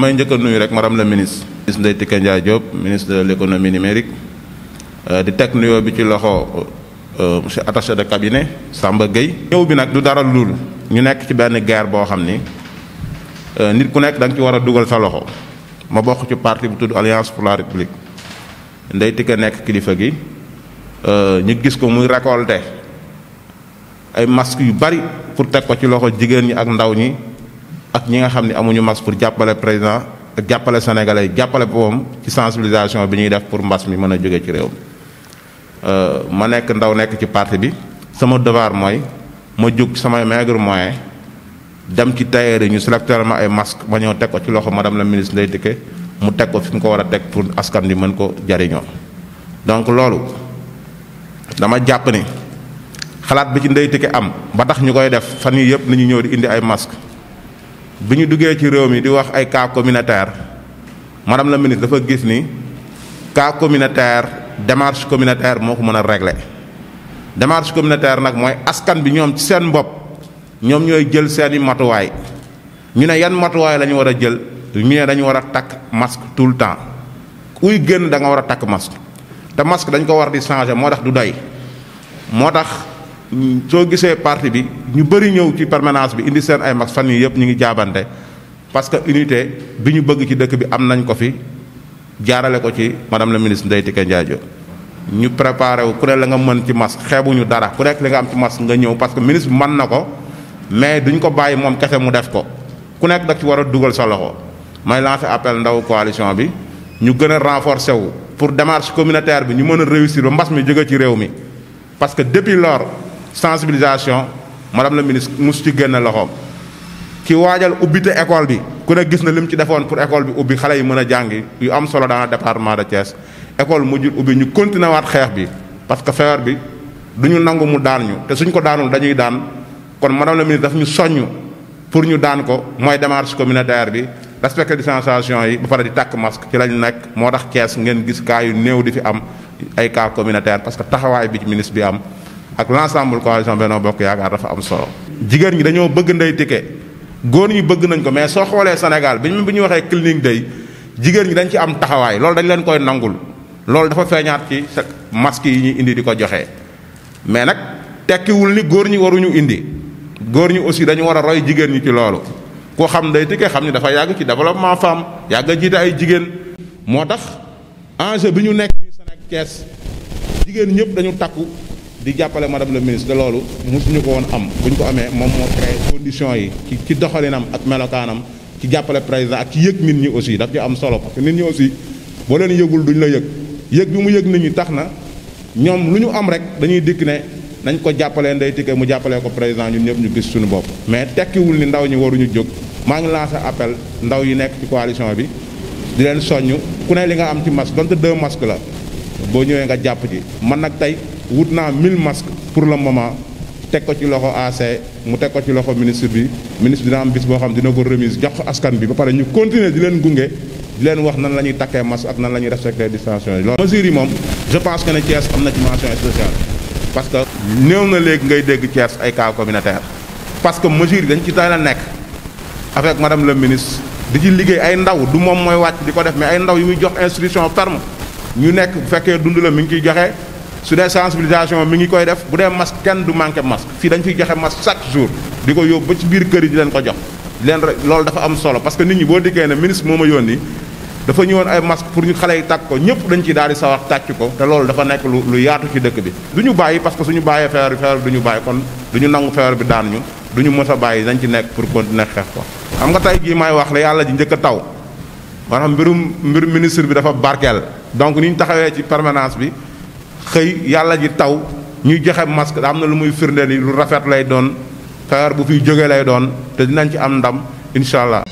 damay njëkk nuyu rek madame la ministre. ministre Ndeye Tické Ndiaye Diop ministre de l' numérique euh, di teg nuyo bi ci loxo euh, monsieur attaché de cabinet sàmba Gueye. ñëw bi nag du dara luul ñu nekk ci benn guerre boo xam ni euh, nit ku nekk danga ci war a dugal sa loxo ma bokk ci partie bu tudd alliance pour la république Ndeye Tické nekk kilifa gi ñu gis ko muy récolté ay masques yu bari pour teg ko ci loxo jigéen ñi ak ndaw ñi. ak ñi nga xam ne amuñu mas pour jàppale président jàppale sénégalais jàppale boppam ci sensibilisation bi ñuy def pour mbas mi mën a jóge ci réew mi euh, ma nekk ndaw nekk ci parti bi sama devoir mooy ma jóg samay maigre moyen dem ci tailleur yi ñu sélecté ma ay masque ma ñëw teg ko ci loxo ma dem la ministre Ndeye Tické mu teg ko fi mu ko war a teg pour askan bi mën ko jariñoo donc loolu dama jàpp ni xalaat bi ci Ndeye Tické am ba tax ñu koy def fan yii yëpp nañu ñëw di indi ay masque bi ñu duggee ci réew mi di wax ay cas communautaire madame la ministre dafa gis ni cas communautaire démarche communautaire moo ko régler démarche communautaire askan bi ñoom ci seen bopp ñoom ñooy jël Mina matuwaay ñu ne yan matuwaay la wara war a jël ñu ne dañu war a takk masque tout le temps kuy génn da nga war a masque masque dañ ko war di changer moo du doy moo soo gisee parti bi ñu bëri ñëw ci permanence bi indi seen ay mag fan yii yëpp ñu ngi jaabante parce que unité bi ñu bëgg ci dëkk bi am nañ ko fi jaarale ko ci madame la ministre Ndeye Tické Ndiaye ñu préparé wu ku ne la nga mën ci masque xeebuñu dara ku nekk li nga am ci masque nga ñëw parce que ministre bi mën na ko mais duñ ko bàyyi moom kese mu def ko ku nekk da ci war a dugal sa loxo may lancé appel ndaw coalition bi ñu gën a renforcer wu pour démarche communautaire bi ñu mën a réussir mbas mi jóge ci réew mi parce que depuis lors sensibilisation madame la ministre mosu ci génnee loxoom ci waajal ubbite école bi ku ne gis na lim ci defoon pour école bi ubbi xale yi mën a jàngi yu am solo dans le département de Thiès école mujjul ubbi ñu continué waat xeex bi parce que feebar bi du ñu nangu mu daan ñu te suñ ko daanul dañuy daan kon madame la ministre daf ñu soññ pour ñu daan ko mooy démarche communautaire bi respecté distanciation yi ba pare di takk masque ci lañ nekk moo tax Thiès ngeen gis cas yu néew di fi am ay cas communautaire parce que taxawaay bi ci bi am ak l'ensemble coalition benno bokk yaakaar dafa am solo jigéen ñi dañoo bëgg ndey ticket góor ñi bëgg nañ ko mais soo xoolee sénégal bi ñu bi ñu waxee clinique day jigéen ñi dañ ci am taxawaay loolu dañ leen koy nangul loolu dafa feeñaat ci masque yi ñuy indi di ko joxe mais nag tekkiwul ni góor ñi waruñu indi góor ñi aussi dañu war roy jigéen ñi ci loolu ko xam day tikke xam ni dafa yàgg ci développement femme yàgg jiite ay jigéen moo tax enjeu bi ñu nekk ni sénégal kees jigéen ñëpp dañu takku di jàppale ma madame le ministre loolu suñu ko woon am bu ñu ko amee moom moo créé condition yi ci ci doxalinam ak melokaanam ci jàppale président ak ci yëg nit ñi aussi daf ci am solo parce que nit ñi aussi boo leen yëgul duñ la yëg yëg bi mu yëg nit ñi tax na ñoom lu ñu am rek dañuy dikk ne nañ ko jàppalee Ndeye Tické mu jàppalee ko président ñun ñëpp ñu gis suñu bopp mais tekkiwul ni ndaw ñi waruñu jóg maa ngi lancé appel ndaw yi nekk ci coalition bi di leen soññ ku ne li nga am ci masque donte deux masques la boo ñëwee nga jàpp ji man nag tey wut naa 1000 masques pour le moment teg ko ci loxo AC mu teg ko ci loxo ministre bi ministre dina am bis boo xam dina ko remise jox ko askan bi ba pare ñu continuer di leen gunge di leen wax nan la ñuy takkee masque ak nan la ñuy respecter distanciation yi. loolu mesures yi moom je pense que ne Thiès am na ci mention spéciale parce que néew na léegi ngay dégg Thiès ay cas communautaire parce que mesures yi dañ ci teel a nekk avec madame le ministre di ci liggéey ay ndaw du moom mooy wàcc di ko def mais ay ndaw yu muy jox instruction ferme ñu nekk bu fekkee dund la mi ngi ciy joxe. su dee sensibilisation mi ngi koy def bu dee masque kenn du manqué masque fii dañ fiy joxe masque chaque jour di ko yóbbu ba ci biir kër yi di leen ko jox leen rek loolu dafa am solo parce que nit ñi boo dikkee ne ministre moo ma yónni dafa ñëwoon ay masque pour ñu xale yi tàkk ko ñëpp dañ ciy daal di sawar tàcc ko te loolu dafa nekk lu lu yaatu ci dëkk bi du ñu bàyyi parce que suñu bàyyee feebar bi du ñu bàyyi kon du ñu nangu feebar bi daan ñu du ñu mës a bàyyi dañ ci nekk pour continuer xeex ko xam nga tey may wax la yàlla ji njëkk a taw maanaam mbirum mbir ministre bi dafa barkeel donc ni ñu taxawee ci permanence bi xëy yàlla ji taw ñuy joxe masque am na lu muy firnde lii lu rafet lay doon feebar bu fiy jógee lay doon te dinañ ci am ndam incha allah.